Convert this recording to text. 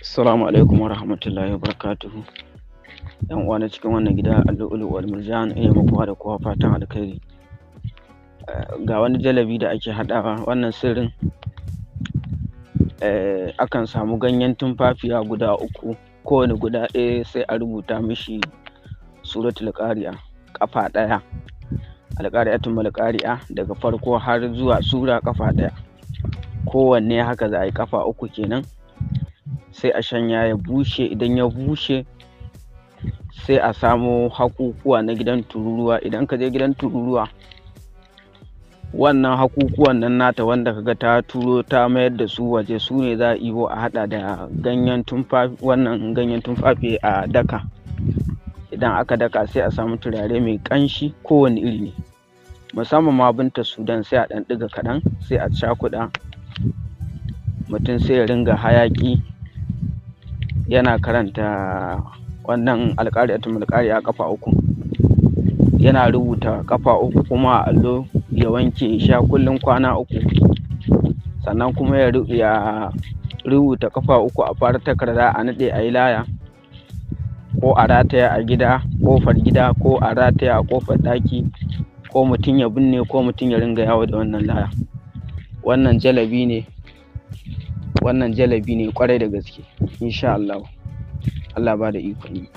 Assalamu alaikum wa rahmatullahi wa ‘Yan uwa na cikin wannan gida al'ulu wal murjan ina muku da kowa fatan alkhairi. Eh, ga wani jalabi da ake haɗawa wannan sirrin eh, akan samu ganyen tumfafiya guda uku kowane guda ɗaya sai a rubuta mishi suratul qari'a kafa ɗaya alqari'atul malqari'a daga farko har zuwa sura kafa ɗaya kowanne haka za a yi kafa uku kenan sai a shanya ya bushe idan ya bushe sai a samo hakukuwa na gidan tururuwa idan ka je gidan tururuwa wannan hakukuwan nan nata wanda ga ta turo ta mayar da su waje su ne za a ibo a hada da ganyen tumfafi wannan ganyen tumfafi a daka idan aka daka sai a samu turare mai kanshi kowane iri ne musamman ma binta sudan sai a dan diga kaɗan sai a cakuda mutum sai ya ringa hayaki yana karanta wannan alƙari'atul a kafa uku yana rubuta kafa uku kuma allo ya wanke sha kullum kwana uku sannan kuma ya rubuta kafa uku a fara takarda a naɗe a yi laya ko a rataya a gida ƙofar gida ko a rataya a kofar ɗaki ko mutum ya binne ko mutum ya ringa yawo da wannan laya wannan jalabi ne wannan jalabi ne kwarai da gaske insha Allah Allah ba da ikon